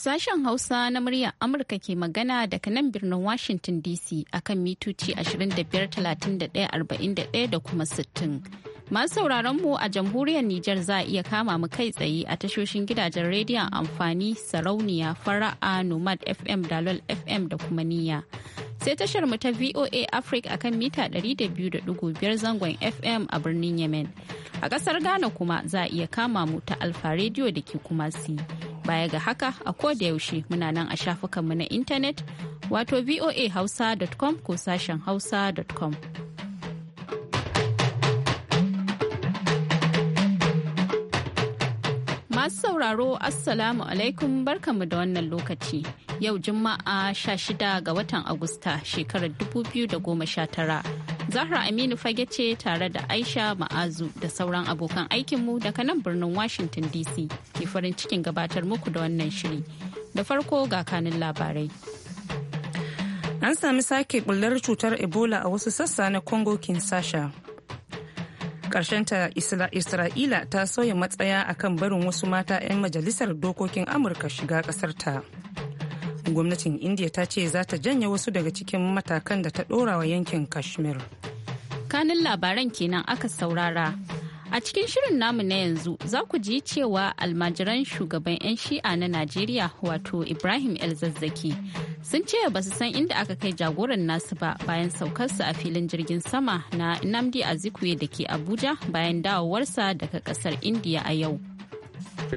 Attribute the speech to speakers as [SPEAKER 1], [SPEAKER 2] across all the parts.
[SPEAKER 1] Sashen Hausa na muryar Amurka ke magana daga nan birnin Washington DC akan mitoci 25,31,41 da kuma 60. Masu sauraron mu a jamhuriyar Nijar za a iya kama mu kai tsaye a tashoshin gidajen rediyon amfani sarauniya fara'a Nomad FM Dalol FM da kuma niya Sai tashar mu ta VOA Africa akan mita 200.5 zangon FM a birnin Yemen. A ƙasar Ghana kuma za a iya kama mu ta Alfa Radio da ke Kumasi. Baya ga haka a ko da yaushe muna nan a shafukanmu na intanet wato voahausa.com ko sashen hausa.com. Masu sauraro Assalamu alaikum barkamu da wannan lokaci. Yau Juma'a 16 ga watan Agusta shekarar 2019. Zahra Aminu fage ce tare da Aisha Ma'azu da sauran abokan aikinmu daga nan birnin Washington DC ke farin cikin gabatar muku da wannan shiri. Da farko ga kanin labarai.
[SPEAKER 2] An sami sake bullar cutar Ebola a wasu sassa na Congo Kinshasa. Karshenta Isra'ila ta sauya matsaya a kan barin wasu mata 'yan majalisar dokokin Amurka shiga ƙasarta. Gwamnatin India ta ce za ta janye wasu daga cikin matakan da ta ɗora wa yankin Kashmir.
[SPEAKER 1] tsakanin labaran kenan aka saurara. A cikin shirin namu na yanzu za ku ji cewa almajiran shugaban 'yan shi'a na Najeriya wato Ibrahim Elzazzaki sun ce ba su san inda aka kai jagoran nasu ba bayan saukarsa a filin jirgin sama na Nnamdi Azikiwe da ke Abuja bayan dawowarsa daga kasar Indiya a yau.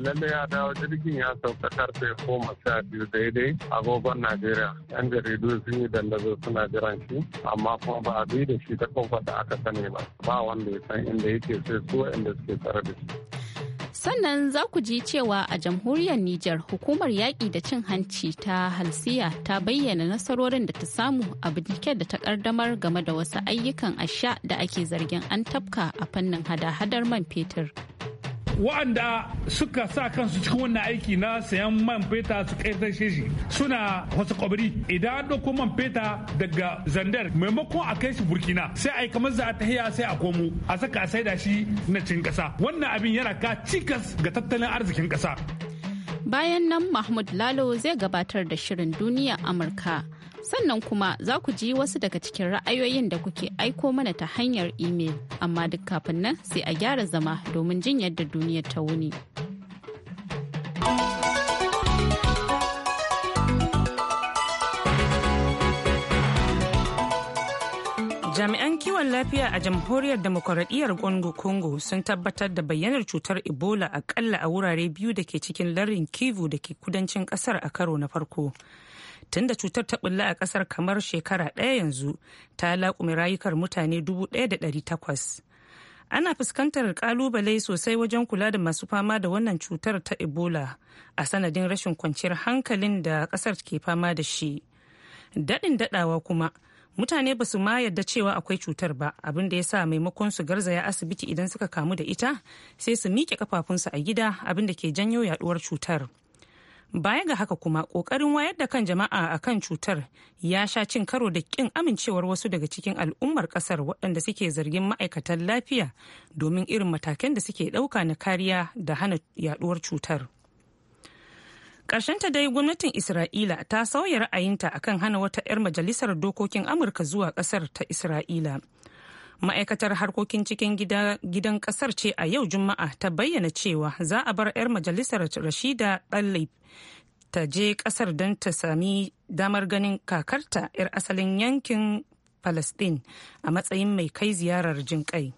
[SPEAKER 3] lalle ya dawo jirgin ya sauka karfe goma sha biyu daidai agogon najeriya yan jaridu sun yi dandazo suna jiran shi amma kuma ba a bi da shi ta kofar da aka sani ba ba wanda ya san inda yake sai su inda suke tsare da shi
[SPEAKER 1] sannan za ku ji cewa a jamhuriyar Nijar hukumar yaƙi da cin hanci ta halsiya ta bayyana nasarorin da ta samu a binciken da ta ƙaddamar game da wasu ayyukan asha da ake zargin an tafka a fannin hada-hadar man fetur.
[SPEAKER 4] waɗanda suka sa kansu cikin wannan aiki na sayan man feta su ƙarfashe shi suna wasu kwabari idan an ɗauko man feta daga zandar maimakon a kai shi burkina sai a yi kamar za a tahiya sai a komo a saka a saida shi na cin ƙasa wannan abin yana ka cikas ga tattalin arzikin ƙasa.
[SPEAKER 1] bayan nan mahmud lalo zai gabatar da shirin duniya amurka Sannan kuma za ku ji wasu daga cikin ra'ayoyin da kuke aiko mana ta hanyar imel, amma duk kafin nan sai a gyara zama domin jin yadda duniya ta wuni.
[SPEAKER 2] jami'an kiwon lafiya a jamhuriyar demokuraɗiyyar congo sun tabbatar da bayyanar cutar ebola akalla a wurare biyu da ke cikin larin kivu da ke kudancin ƙasar a karo na farko tunda cutar ta bulla a kasar kamar shekara ɗaya yanzu ta laƙume rayukar mutane 1,800 ana fuskantar ƙalubale sosai wajen kula da masu fama da wannan cutar ta ebola a sanadin rashin kwanciyar hankalin da kasar ke fama da shi daɗin daɗawa kuma mutane ba su ma yadda cewa akwai cutar ba abin da ya sa maimakon su garzaya asibiti idan suka kamu da ita sai su miƙe kafafunsu a gida abin da ke janyo yaɗuwar cutar. baya ga haka kuma kokarin wayar da kan jama'a a kan cutar ya sha cin karo da kin amincewar wasu daga cikin al'ummar kasar waɗanda suke zargin ma'aikatan lafiya domin irin matakan da suke ɗauka na kariya da hana yaɗuwar cutar ta dai gwamnatin isra'ila ta sauya ra'ayinta akan hana wata 'yar majalisar dokokin amurka zuwa ƙasar ta isra'ila ma'aikatar harkokin cikin gidan kasar ce a yau juma'a ta bayyana cewa za a bar 'yar majalisar rashida dalib ta je kasar don ta sami damar ganin kakarta 'yar asalin yankin palestine a matsayin mai kai ziyarar jinƙai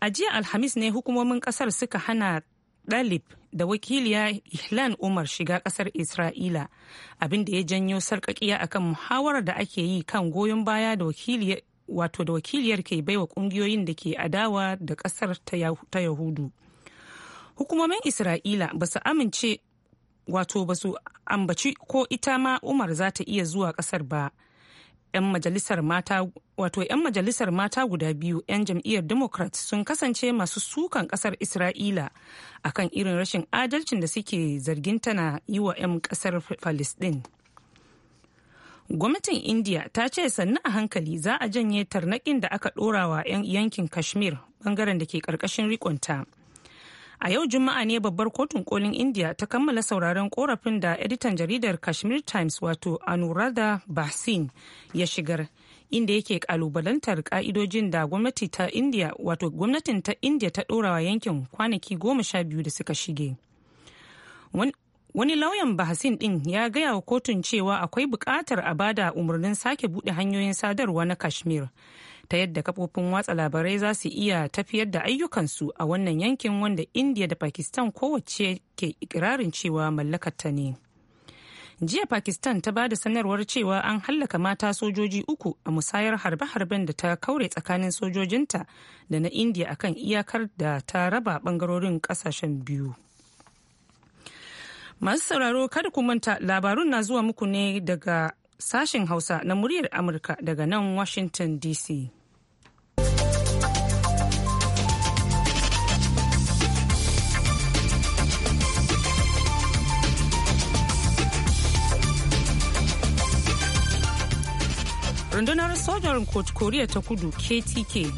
[SPEAKER 2] a jiya alhamis ne hukumomin kasar suka hana dalib da wakiliya ihlan umar shiga kasar isra'ila abin da ya janyo sarkakiya akan muhawarar da ake yi kan goyon baya da wakiliya wato da wakiliyar ke baiwa kungiyoyin da ke adawa da kasar ta yahudu hukumomin isra'ila ba su amince wato ba su ambaci ko ita ma umar za ta iya zuwa kasar ba 'yan majalisar mata wato 'yan majalisar mata guda biyu 'yan jam'iyyar democrat sun kasance masu sukan kasar isra'ila akan irin rashin adalcin da suke zargin tana yi wa 'yan kasar palestine Gwamnatin India ta ce sannu a hankali za a janye tarnakin da aka ɗora wa yankin Kashmir bangaren da ke ƙarƙashin rikonta. A yau Juma'a ne babbar kotun kolin India ta kammala sauraron korafin da editan jaridar Kashmir Times wato Anuradha Bahsin ya shigar. inda yake kalubalantar ka'idojin da gwamnati ta india wato gwamnatin ta india ta ɗorawa yankin kwanaki goma sha biyu da suka shige wani lauyan bahasin din ya gaya wa kotun cewa akwai bukatar a bada umarnin sake buɗe hanyoyin sadarwa na kashmir ta yadda kafofin watsa labarai za su iya tafiyar da ayyukansu a wannan yankin wanda india da pakistan kowace ke ikirarin cewa mallakarta ne jiya pakistan ta ba da sanarwar cewa an hallaka mata sojoji uku a musayar harbe-harben da ta kaure tsakanin sojojinta da na india akan iyakar da ta raba bangarorin kasashen biyu Masu sauraro kada ku manta labarun na zuwa muku ne daga sashen Hausa na muryar Amurka daga nan Washington DC. rundunar sojan koriya ta kudu ktk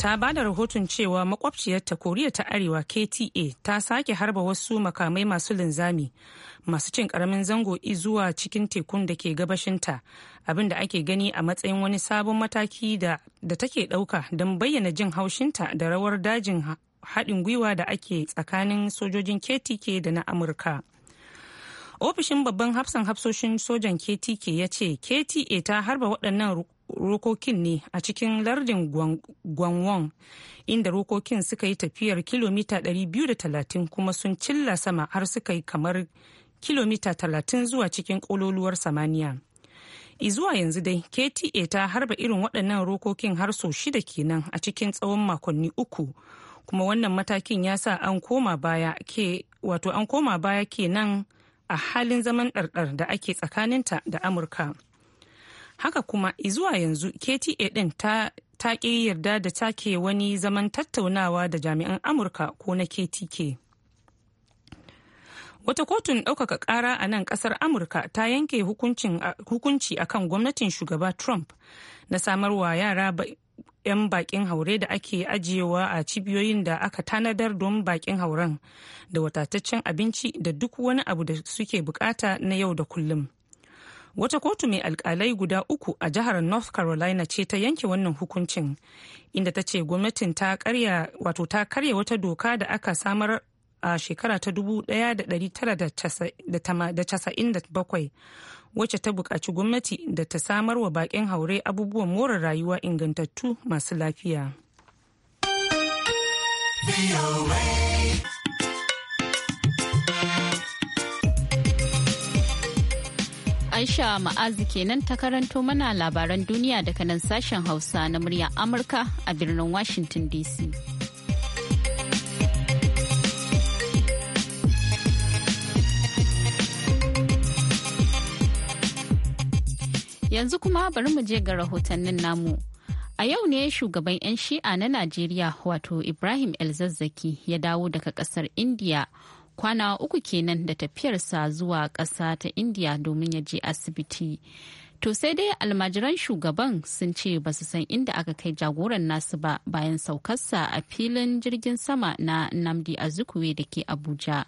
[SPEAKER 2] ta ba da rahoton cewa makwabciyarta koriya ta arewa kta ta sake harba wasu makamai masu linzami masu cin karamin zango zuwa cikin tekun da ke gabashinta abinda ake gani a matsayin wani sabon mataki da take dauka don bayyana jin haushinta da rawar dajin haɗin gwiwa da ake tsakanin sojojin ktk da na amurka ofishin babban hafsan hafsoshin sojan ktk ya ce kta ta harba waɗannan rokokin ne a cikin lardin gwangwon inda rokokin suka yi tafiyar kilomita 230 kuma sun cilla sama har suka yi kamar kilomita 30 zuwa cikin kololuwar samaniya izuwa yanzu dai kta ta harba irin waɗannan rokokin har sau shida kenan a cikin tsawon makonni uku kuma wannan matakin ya sa an koma baya ke wato an koma baya kenan a halin zaman ɗarɗar da ake tsakaninta da amurka. haka kuma zuwa yanzu kta din ta ta ƙi yarda da take wani zaman tattaunawa da jami'an amurka ko na ktk wata kotun ɗaukaka ƙara a nan ƙasar amurka ta yanke hukunci a kan gwamnatin shugaba trump na samarwa yara 'yan bakin haure da ake ajiyewa a cibiyoyin da aka tanadar don bakin hauren da wadataccen abinci da duk wani abu da suke bukata na yau da kullum wata kotu mai alkalai guda uku a jihar north carolina ce ta yanke wannan hukuncin inda ta ce gwamnatin ta karya wata doka da aka samar a shekara ta 1997 wacce ta buƙaci gwamnati da ta samar wa bakin haure abubuwan more rayuwa ingantattu masu lafiya.
[SPEAKER 1] Aisha Ma'azi kenan ta karanto mana labaran duniya daga nan sashen Hausa na murya Amurka a birnin Washington DC. Yanzu kuma bari mu je ga rahotannin namu. A yau ne shugaban 'yan shi'a na Najeriya wato Ibrahim Elzazzaki ya dawo daga kasar India. kwana uku kenan da tafiyarsa zuwa ƙasa ta indiya domin ya je asibiti to sai dai almajiran shugaban sun ce ba su san inda aka kai jagoran nasu ba bayan saukarsa a filin jirgin sama na namdi azukuwe da ke abuja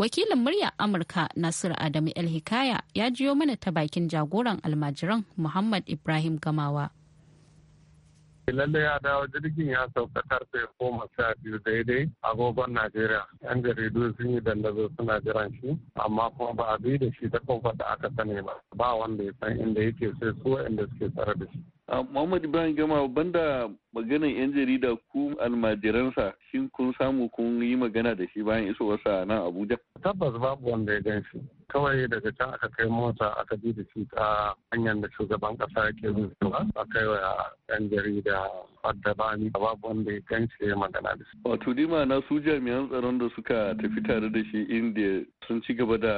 [SPEAKER 1] wakilin murya amurka nasiru adamu el hikaya ya jiyo mana ta bakin jagoran almajiran muhammad ibrahim gamawa
[SPEAKER 4] lallai
[SPEAKER 3] ya dawo jirgin ya sauka karfe goma sha biyu daidai agogon najeriya yan jaridu sun yi dandazo suna jiran shi amma kuma ba a bi da shi ta kofar da aka sani ba ba wanda ya san inda yake sai su inda suke tsare da shi Muhammad Ibrahim Gama banda
[SPEAKER 5] maganar 'yan jarida ku almajiransa shin kun samu kun yi magana da shi bayan
[SPEAKER 3] isowarsa nan Abuja? Tabbas babu wanda ya gan shi. kawai daga can aka kai mota aka bi da shi ta hanyar da shugaban kasa yake zuwa a kai wa yan jarida addabani babu wanda ya gance magana da shi. wato dima na su jami'an tsaron da suka
[SPEAKER 5] tafi tare da shi inda sun ci gaba da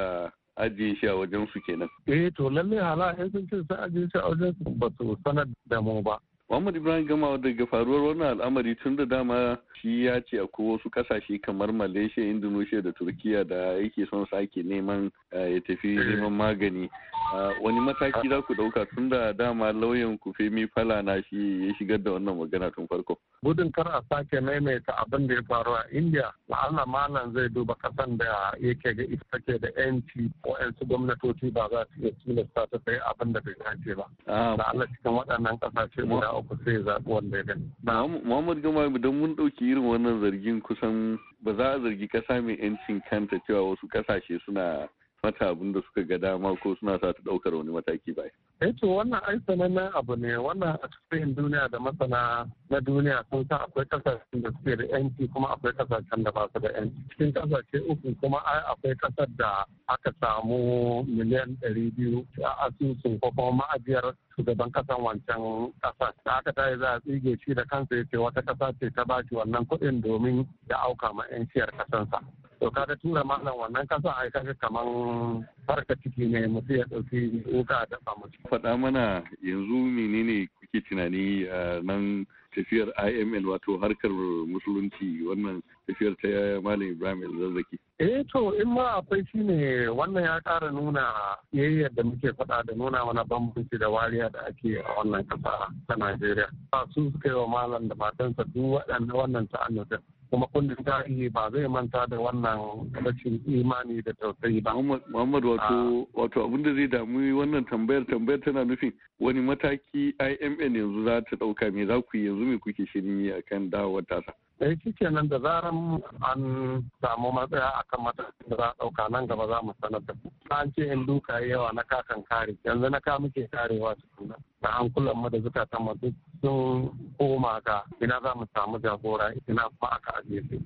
[SPEAKER 5] ajiye shi a wajen su kenan.
[SPEAKER 3] eh to lallai hala sun ce sun ajiye shi a wajen su ba su sanar da mu ba
[SPEAKER 5] Muhammad Ibrahim gama daga faruwar wannan al'amari tun da dama shi ya ce akwai wasu kasashe kamar Malaysia, Indonesia da Turkiya da yake son sake neman eh, ya tafi eh. neman magani. Ah, wani mataki za ku dauka tun da dama lauyan ku Femi na shi ya shigar da wannan magana
[SPEAKER 3] tun farko. Gudun kar a sake maimaita abin da ya faru a India, la'alla malam zai duba kasan da yake ga ita ke da yanci ko yansu gwamnatoci ba za su iya tilasta ta sai abin da bai dace ba. Ah. La'alla cikin waɗannan kasashe guda abu sai zaɓi wanda ya gani.
[SPEAKER 5] Na Muhammad Gama idan mun ɗauki irin wannan zargin kusan ba za a zargi ƙasa mai 'yancin kanta cewa wasu ƙasashe suna mata abin da suka ga dama ko suna sa ta ɗaukar wani
[SPEAKER 3] mataki ba. Eh to wannan ai sanannen abu ne wannan a cikin duniya da masana na duniya sun san akwai ƙasashen da suke da yanci kuma akwai ƙasashen da ba su da yanci. Cikin ƙasashe uku kuma ai akwai ƙasar da aka samu miliyan ɗari biyu a asusun ko kuma ma'ajiyar shugaban kasan wancan kasa da aka yi za a tsige shi da kansa ya ce wata kasa ce ta ba shi wannan kuɗin domin ya auka ma 'yan ciyar kasansa to ga tura malam wannan kasa ai ga kaman farka ciki ne mutum ya ɗauki wuka da samu
[SPEAKER 5] faɗa mana yanzu menene ake tunani eh, nan tafiyar iml wato harkar musulunci wannan tafiyar ta malam ibrahim zazzaki
[SPEAKER 3] eh to in ma akwai ne wannan ya ƙara nuna yayyar da muke faɗa da nuna mana bambanci da wariya da ake a wannan ƙasa ta najeriya su suka yi wa malam da matansa duk waɗannan wannan ta'annutin kuma kundin tarihi ba zai manta da wannan rashin imani da tausayi ba. Muhammad wato ah. wato abin da zai damu wannan
[SPEAKER 5] tambayar tambayar tana nufin wani mataki IMN yanzu za ta ɗauka me za ku yanzu me
[SPEAKER 3] kuke shirin yi akan dawowar tasa. da eh, shi nan da zaran an samu matsaya akan matakin da za a ɗauka nan gaba za mu sanar da an ce in duka yawa na kakan kare yanzu na ka muke karewa tukuna da hankulan mu da zukatan mu duk sun koma ga ina za mu samu jagora ina kuma aka ajiye su.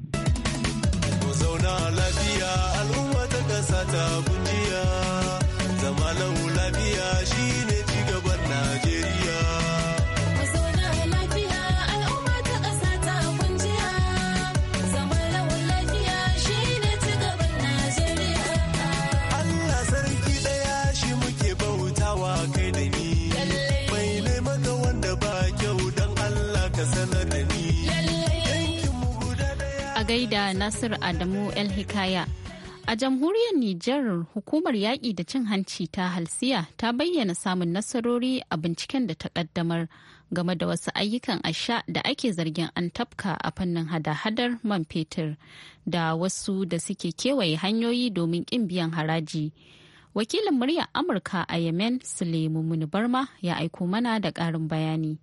[SPEAKER 6] Mu zauna lafiya al'umma ta kasa ta kungiya zama lafiya shine cigaban Najeriya.
[SPEAKER 1] gaida Nasir Adamu El Hikaya. A jamhuriyar Nijar hukumar yaƙi da cin hanci ta halsiya ta bayyana samun nasarori a binciken da ta ƙaddamar game da wasu ayyukan asha da ake zargin an tafka a fannin hada-hadar man fetur da wasu da suke kewaye hanyoyi domin ƙin biyan haraji. Wakilin muryar Amurka a Yemen Suleiman Munibarma ya aiko mana da ƙarin bayani.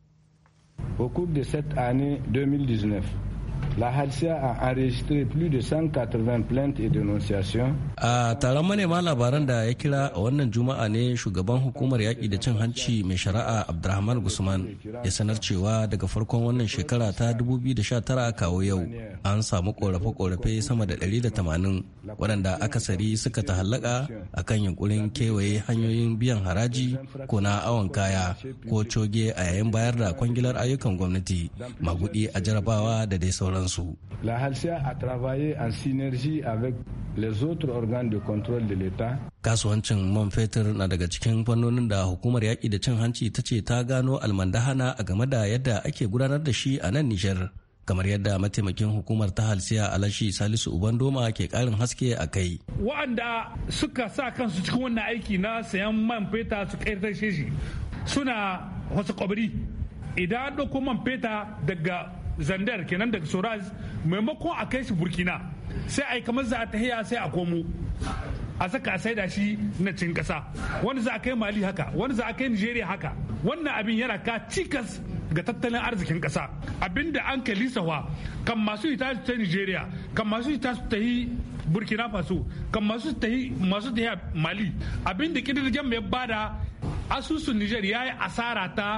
[SPEAKER 7] La HADSIA a enregistré plus de 180 plaintes
[SPEAKER 8] et dénonciations.
[SPEAKER 9] A taron manema labaran da ya kira a wannan juma'a ne shugaban hukumar yaƙi da cin hanci mai shari'a abdulrahman Gusman ya sanar cewa daga farkon wannan shekara ta 2019 kawo yau an samu korafe-korafe sama da 180 waɗanda akasari suka ta a kan yankurin kewaye hanyoyin biyan haraji ko na awon kaya ko coge a yayin bayar da kwangilar ayyukan gwamnati magudi a jarabawa da dai sauran sauransu.
[SPEAKER 7] La Halsia a travaillé en synergie avec
[SPEAKER 9] les autres organes de contrôle de l'État. Kasuwancin man fetur na daga cikin fannonin da hukumar yaƙi da cin hanci ta ce ta gano almandahana a game da yadda ake gudanar da shi a nan Nijar. kamar yadda mataimakin hukumar ta halsiya alashi salisu ubandoma ke karin haske a kai
[SPEAKER 4] wa'anda suka sa kansu cikin wannan aiki na sayan man feta su ƙarfashe shi suna wasu kwabari idan an ɗauko man feta daga zandar kenan daga soraz maimakon a kai shi burkina sai a yi kamar za a tahiya sai a komo a saka a saida shi na cin kasa wani za a kai mali haka wani za a kai nigeria haka wannan abin yana ka cikas ga tattalin arzikin kasa abinda an sawa kan masu yi ta nigeria kan masu yi ta burkina faso kan masu tahi masu tahi mali abinda kidirgen mai bada asusun Nijar ya yi asara ta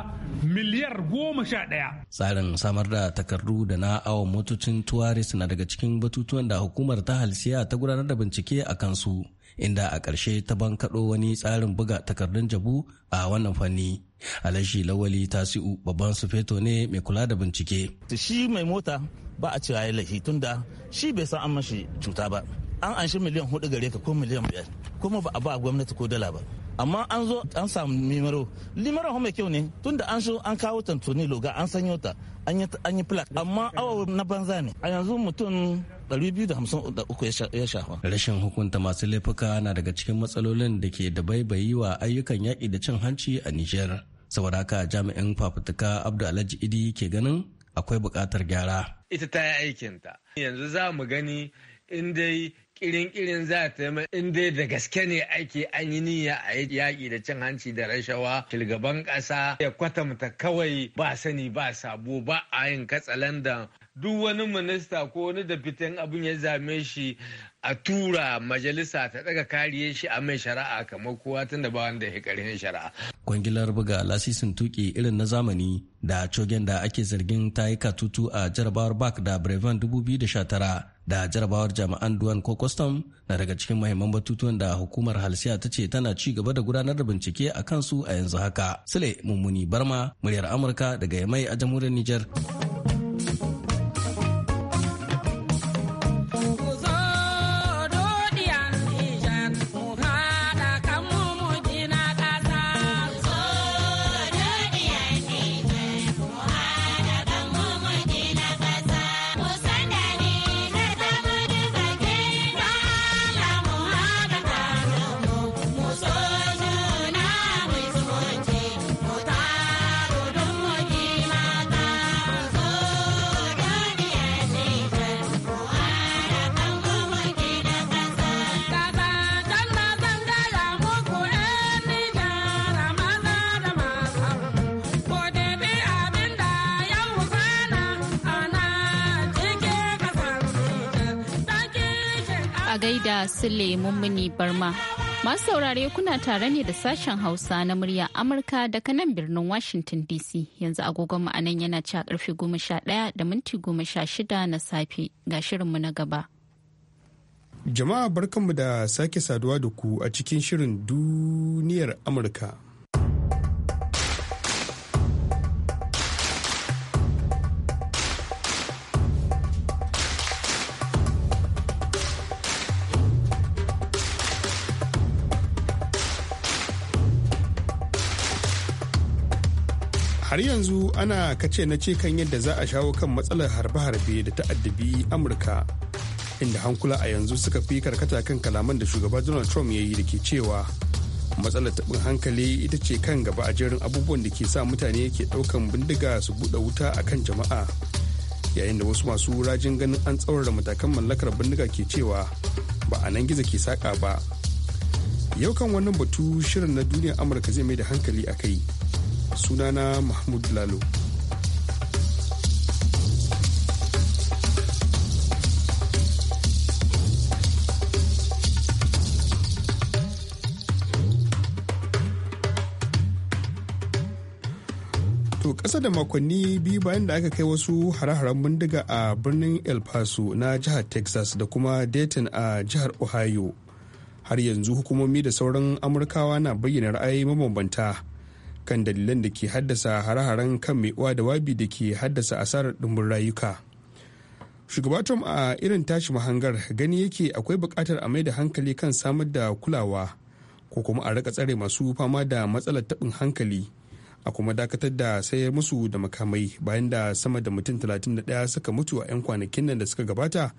[SPEAKER 4] miliyar goma sha ɗaya.
[SPEAKER 9] Tsarin samar da takardu da na awa motocin Tuwaris na daga cikin batutuwan da hukumar ta halsiya ta gudanar da bincike a kansu, inda a ƙarshe ta bankaɗo wani tsarin buga takardun jabu a wannan fanni. Alashi Lawali Tasi'u babban su feto ne mai kula da bincike. Shi mai mota ba a cewa ya tun tunda shi bai san an mashi cuta ba. An anshi miliyan hudu gare ka ko miliyan biyar kuma ba a ba gwamnati ko dala ba. amma an zo an samu limaro limaro mai kyau ne tunda an so an kawo tantoni loga an sanyo ta an yi plat amma awa na banza ne a yanzu mutum 253 ya shafa. Rashin hukunta masu laifuka na daga cikin matsalolin da ke da baibayi wa ayyukan yaƙi da cin hanci a niger. Saboda haka jami'in fafutuka Abdu Alhaji Idi ke ganin akwai buƙatar gyara. Ita ta yi aikinta. Yanzu za mu gani in dai kirin-kirin za ta yi in dai da gaske ne ake an yi niyya a yi yaƙi da cin hanci da rashawa shugaban ƙasa ya kwatamta kawai ba sani ba sabo ba a yin katsalandan duk wani minista ko wani fitan abin ya zame shi a tura majalisa ta daga kariye shi a mai shari'a kamar kowa tun da ba wanda ya shari'a. Kwangilar buga lasisin tuki irin na zamani da cogen da ake zargin ta yi katutu a jarabawar bak da Brevan 2019 da jarabawar jami'an duwan ko kwastam na daga cikin mahimman batutuwan da hukumar halsiya ta ce tana ci gaba da gudanar da bincike a kansu a yanzu haka. Sule Mummuni Barma, muryar Amurka daga Yamai a jamhuriyar Nijar.
[SPEAKER 1] masu Sule Mummuni Barma. Masu saurare kuna tare ne da sashen Hausa na murya Amurka daga nan birnin Washington DC yanzu agogon ma'anan yana ci a karfe goma sha ɗaya da minti goma sha shida na safe ga shirinmu na gaba.
[SPEAKER 7] Jama'a barkanmu da sake saduwa da ku a cikin shirin duniyar Amurka. har yanzu ana kace na ce kan yadda za a shawo kan matsalar harbe-harbe da ta'addabi amurka inda hankula a yanzu suka fi karkata kan kalaman da shugaba donald trump ya yi da ke cewa matsalar taɓin hankali ita ce kan gaba a jerin abubuwan da ke sa mutane ke ɗaukan bindiga su buɗe wuta a kan jama'a yayin da wasu masu rajin ganin an tsaurara matakan mallakar bindiga ke cewa ba a nan gizo ke saƙa ba yau kan wannan batu shirin na duniyar amurka zai mai da hankali a kai sunana mahmud lalo To ƙasa da makonni biyu bayan da aka kai wasu hare-haren bindiga a birnin El Paso na jihar Texas da kuma Dayton a jihar Ohio. Har yanzu hukumomi da sauran Amurkawa na bayyana ra'ayi mabambanta kan dalilan da ke haddasa hare-haren kan mai uwa da wabi da ke haddasa asarar ɗumbin rayuka shugaba tom a irin tashi mahangar gani yake akwai buƙatar a mai da hankali kan samar da kulawa ko kuma a rika tsare masu fama da matsalar taɓin hankali a kuma dakatar da sayar musu da makamai bayan da sama da mutum 31 suka mutu a 'yan kwanakin nan da suka gabata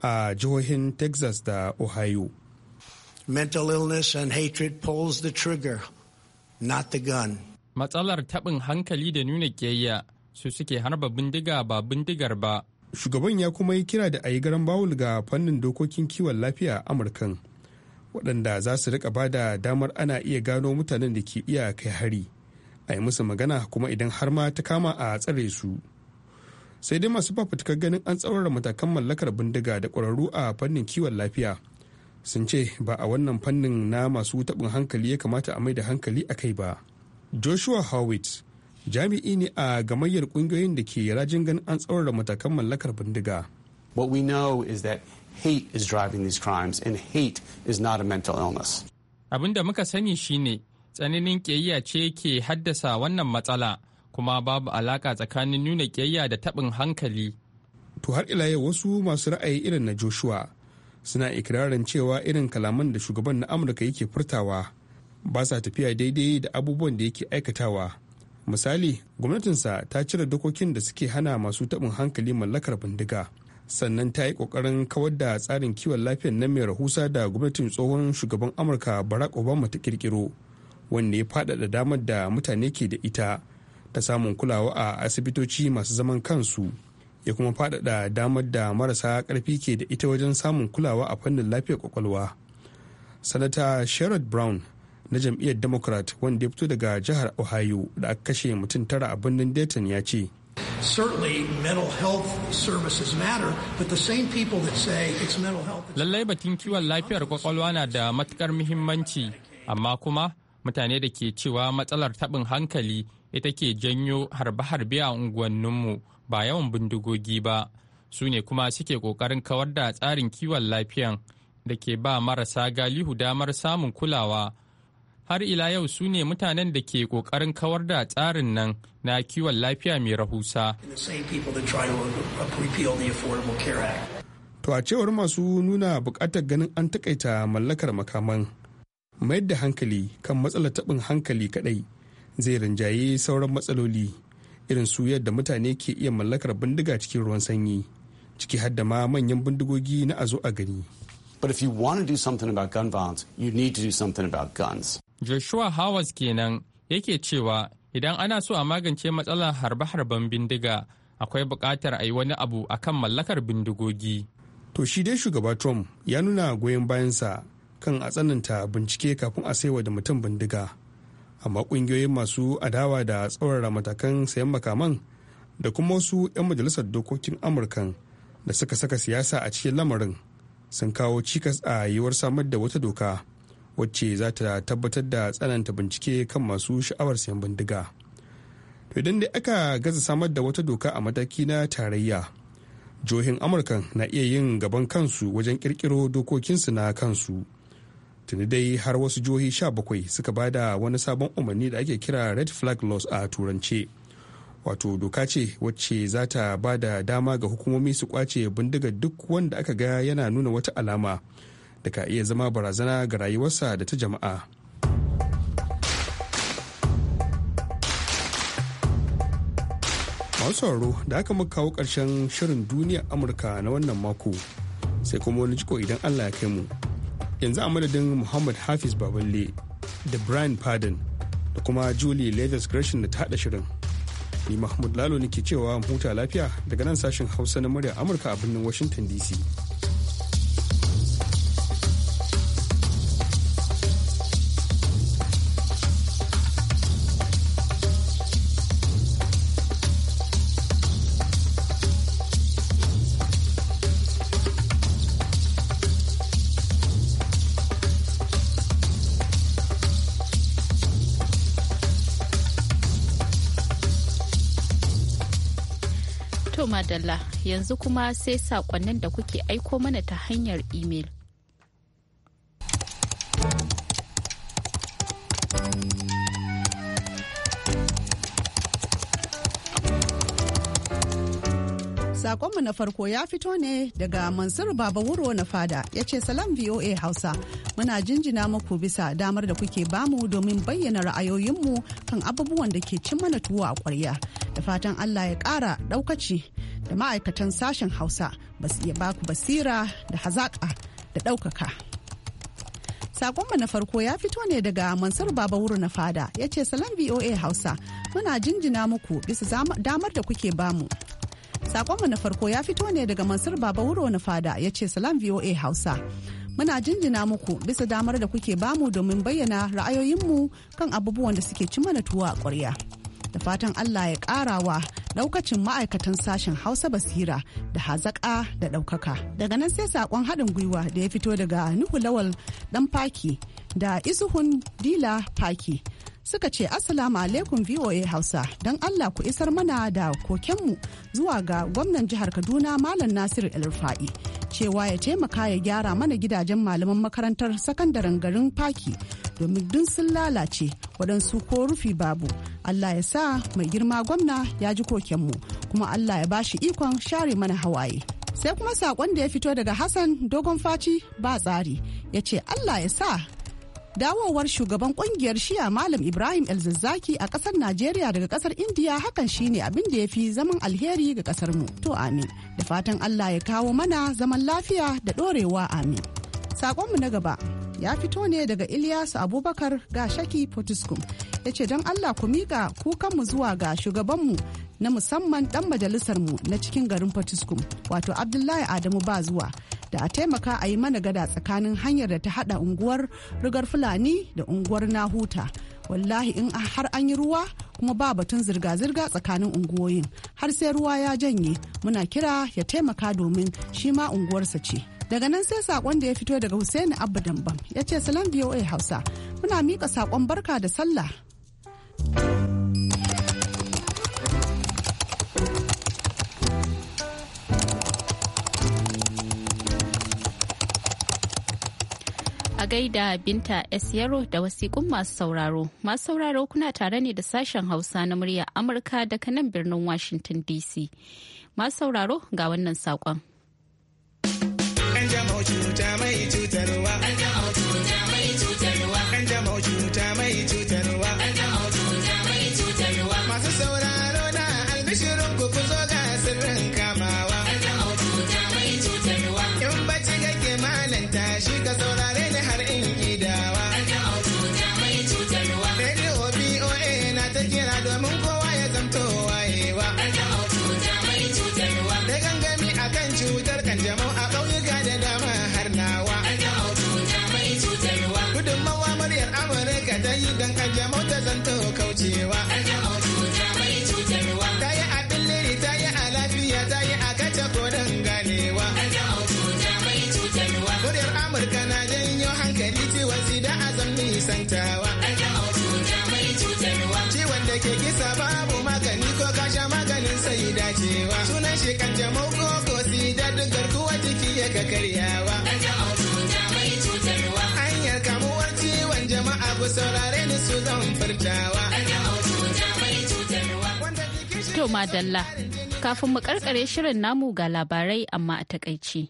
[SPEAKER 7] a jihohin texas da ohio mental illness and hatred pulls the trigger
[SPEAKER 8] not the gun matsalar taɓin hankali da nuna ƙiyayya su suke harba bindiga ba bindigar ba.
[SPEAKER 7] Shugaban ya kuma yi kira da ayi yi garan bawul ga fannin dokokin kiwon lafiya a Amurkan, waɗanda za su riƙa ba da damar ana iya gano mutanen da ke iya kai hari, a yi musu magana kuma idan har ma ta kama a tsare su. Sai dai masu fafutukar ganin an tsaurara matakan mallakar bindiga da ƙwararru a fannin kiwon lafiya sun ce ba a wannan fannin na masu taɓin hankali ya kamata a mai da hankali a kai ba. joshua howitt jami'i ne a gamayyar kungiyoyin da ke rajin ganin an tsawar matakan mallakar bindiga what we know is that hate is driving these crimes
[SPEAKER 10] and hate is not a mental illness
[SPEAKER 8] abin da muka sani shine tsananin ƙiyayya ce ke haddasa wannan matsala kuma babu alaka tsakanin nuna ƙiyayya da taɓin hankali
[SPEAKER 7] to har ila yau wasu masu ra'ayi irin na joshua suna ikirarin cewa irin kalaman da shugaban na amurka yake furtawa ba sa tafiya daidai da abubuwan da yake aikatawa misali gwamnatinsa ta cire dokokin da suke hana masu taɓin hankali mallakar bindiga sannan ta yi ƙoƙarin kawar da tsarin kiwon lafiyar na mai rahusa da gwamnatin tsohon shugaban amurka barack obama ta kirkiro wanda ya faɗaɗa damar da mutane ke da ita ta samun kulawa a asibitoci masu zaman kansu ya kuma faɗaɗa damar da marasa ƙarfi ke da ita wajen samun kulawa a fannin lafiyar ƙwaƙwalwa sanata sherrod brown na jam'iyyar democrat wanda ya fito daga jihar ohio da aka kashe mutum tara a birnin dayton ya ce
[SPEAKER 8] lallai batun kiwon lafiyar kwakwalwa na da matukar muhimmanci amma kuma mutane da ke cewa matsalar taɓin hankali ita ke janyo harbe-harbe a unguwanninmu ba yawan bindigogi ba su ne kuma suke ƙoƙarin kawar da tsarin kiwon lafiyan da ke ba marasa galihu damar samun kulawa har ila yau su ne mutanen da ke kokarin kawar da tsarin nan na kiwon lafiya mai rahusa.
[SPEAKER 7] To a cewar masu nuna bukatar ganin an takaita mallakar makaman, mayar da hankali kan matsalar taɓin hankali kaɗai zai rinjaye sauran matsaloli irin su yadda mutane ke iya mallakar bindiga cikin ruwan sanyi, ciki har da ma manyan bindigogi na azo a gani. But if you
[SPEAKER 10] want to do something about gun violence, you need to do something about guns.
[SPEAKER 8] Joshua howard kenan yake cewa idan ana so a magance matsalar harbe-harben bindiga akwai buƙatar a yi wani abu a kan mallakar bindigogi.
[SPEAKER 7] To shi dai shugaba Trump ya nuna goyon bayansa kan a tsananta bincike kafin a saiwa da mutum bindiga. Amma ƙungiyoyin masu adawa da tsaurara matakan sayan makaman da kuma wasu 'yan majalisar dokokin Amurkan da suka saka siyasa a cikin lamarin sun kawo cikas a yiwuwar samar da wata doka. wacce za ta tabbatar da tsananta bincike kan masu sha'awar sayan bindiga to idan dai aka gaza samar da wata doka a mataki na tarayya jihohin amurka na iya yin gaban kansu wajen kirkiro dokokinsu na kansu tuni dai har wasu jihohi sha bakwai suka bada wani sabon umarni da ake kira red flag laws a turance wato doka ce wacce za ta ba da dama ga hukumomi su kwace bindiga duk wanda aka ga yana nuna wata alama da ka iya zama barazana ga rayuwarsa da ta jama'a masu sauraro da aka muka kawo ƙarshen shirin duniya amurka na wannan mako sai kuma wani jiko idan allah ya kai mu yanzu a madadin muhammad hafiz baballe da brian padden da kuma julie leathers gresham da ta haɗa shirin ni mahmud lalo ke cewa huta lafiya daga nan sashen hausa na murya amurka a birnin washington dc
[SPEAKER 1] madalla yanzu kuma sai sakonnin da kuke aiko mana ta hanyar imel.
[SPEAKER 10] Sakonmu na farko ya fito ne daga Mansur Baba Wuro na fada ya ce salam VOA Hausa muna jinjina muku bisa damar da kuke bamu domin bayyana ra'ayoyinmu kan abubuwan da ke cin mana tuwo a kwarya da fatan Allah ya ƙara ɗaukaci da ma'aikatan sashen Hausa ya baku basira da hazaƙa da ɗaukaka. Sakonmu na farko ya fito ne daga Mansur Baba wuro na fada ya ce salam VOA Hausa muna jinjina muku bisa damar da kuke bamu mu na farko ya fito ne daga Mansur Baba Wuro na fada ya ce salam VOA Hausa. Muna jinjina muku bisa damar da kuke bamu domin bayyana ra'ayoyinmu kan abubuwan da suke ci mana tuwa a ƙwarya. Da fatan Allah ya ƙarawa daukacin ma'aikatan sashen Hausa basira da hazaƙa da ɗaukaka. Daga nan sai sakon haɗin gwiwa da ya fito daga Nuhu Lawal ɗan Faki da Isuhun Dila Faki. suka ce Assalamu alaikum VOA Hausa don Allah ku isar mana da kokenmu zuwa ga gwamnan jihar Kaduna Malam Nasiru el cewa ya taimaka ya gyara mana gidajen malaman makarantar sakandaren garin Faki domin dun sun lalace waɗansu ko rufi babu. Allah ya sa mai girma gwamna ya ji kokenmu kuma Allah ya bashi ikon share mana hawaye. sai kuma saƙon da ya fito daga hassan dogon faci ba tsari ya ce allah ya sa dawowar shugaban kungiyar shiya malam ibrahim elzazzaki a kasar najeriya daga kasar indiya hakan shine abin da ya fi zaman alheri ga kasar mu to amin da fatan allah ya kawo mana zaman lafiya da dorewa amin sakonmu na gaba ya fito ne daga ilyasu abubakar ga shaki potiskum ya ce don allah ku miƙa kukanmu zuwa ga shugabanmu na musamman dan mu na cikin garin potiskum wato abdullahi adamu ba zuwa da a taimaka a yi mana gada tsakanin hanyar da ta hada unguwar rigar fulani da unguwar na huta. wallahi in har an yi ruwa kuma ba batun zirga-zirga tsakanin unguwoyin har sai ruwa ya janye muna kira ya taimaka domin shi ma unguwarsa ce daga nan sai sakon da ya fito daga Hussein abu Dambam ya ce salam VOA Hausa muna mika saƙon barka da sallah
[SPEAKER 1] A gaida Binta S. Yaro da wasiƙun masu sauraro. Masu sauraro kuna tare ne da sashen Hausa na murya Amurka daga nan birnin Washington DC. Masu sauraro ga wannan saƙon.
[SPEAKER 6] ke kisa babu magani ko kasha maganin sai dacewa sunan shi kan jamau ko ko da duk kuwa jiki ya ka karyawa hanyar kamuwar ciwon jama'a ku saurare su zan furtawa
[SPEAKER 1] to madalla kafin mu karkare shirin namu ga labarai amma a takaici.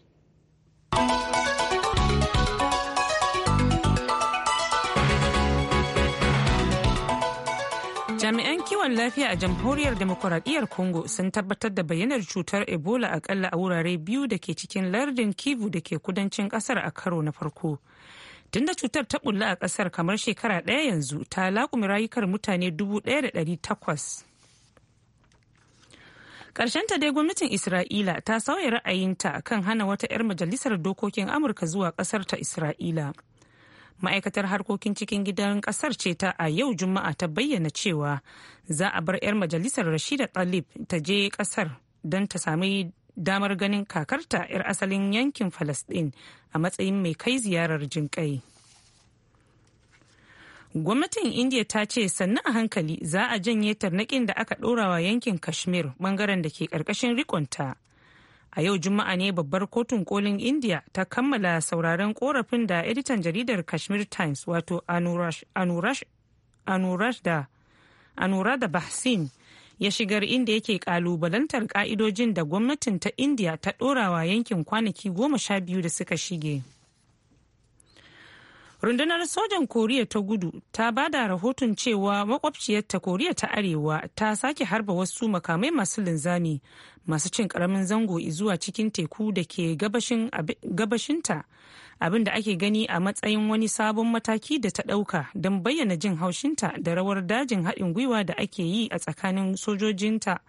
[SPEAKER 2] Hukumar lafiya a jamhuriyar demokuraɗiyyar Congo sun tabbatar da bayyanar cutar Ebola akalla a wurare biyu da ke cikin lardin Kivu da ke kudancin kasar a karo na farko. Tunda cutar ta bulla a kasar kamar shekara ɗaya yanzu ta laƙumi rayukar mutane dubu ɗaya ta dai gwamnatin Isra'ila ta sauya ra'ayinta kan hana wata 'yar majalisar dokokin Amurka zuwa ƙasar ta Isra'ila. ma'aikatar harkokin cikin gidan kasar ce ta a yau juma'a ta bayyana cewa za a bar 'yar majalisar rashida talib ta je kasar don ta sami damar ganin kakarta 'yar asalin yankin falasɗin a matsayin mai kai ziyarar jinƙai. gwamnatin india ta ce sannu a hankali za a janye tarnakin da aka ɗora wa yankin kashmir ɓangaren da ke ƙarƙashin rikonta a yau juma'a ne babbar kotun kolin india ta kammala sauraren korafin da editan jaridar kashmir times wato anurada bahsin ya shigar inda yake kalubalantar ka'idojin da gwamnatin ta india ta dorawa yankin kwanaki goma sha biyu da suka shige. rundunar sojan koriya ta gudu ta ba da rahoton cewa makwabciyarta koriya ta arewa ta sake harba wasu makamai masu linzami masu cin karamin zango zuwa cikin teku da ke gabashinta abin da ake gani a matsayin wani sabon mataki da ta dauka don bayyana jin haushinta da rawar dajin haɗin gwiwa da ake yi a tsakanin sojojinta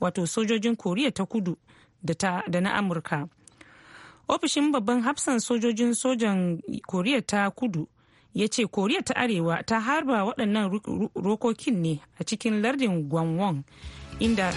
[SPEAKER 2] wato sojojin koriya ta kudu da na amurka ofishin babban hafsan sojojin sojan koriya ta kudu ya ce koriya ta arewa ta harba waɗannan rokokin ne a cikin lardin gwangwon inda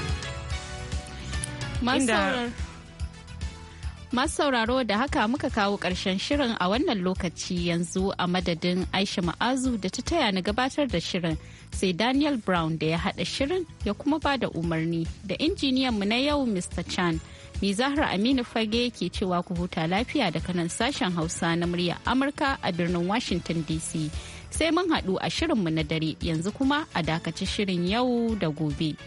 [SPEAKER 1] Masu sauraro da haka muka kawo ƙarshen shirin a wannan lokaci yanzu a madadin Aisha Ma'azu da ta taya na gabatar da shirin sai Daniel Brown da ya haɗa shirin ya kuma ba da umarni da injiniyan mu na yau Mr. Chan. Ni Zahra Aminu Fage ke cewa ku huta lafiya da kanan sashen Hausa na muryar Amurka a birnin Washington DC. Sai mun haɗu a shirinmu na dare yanzu kuma a dakaci shirin yau da gobe.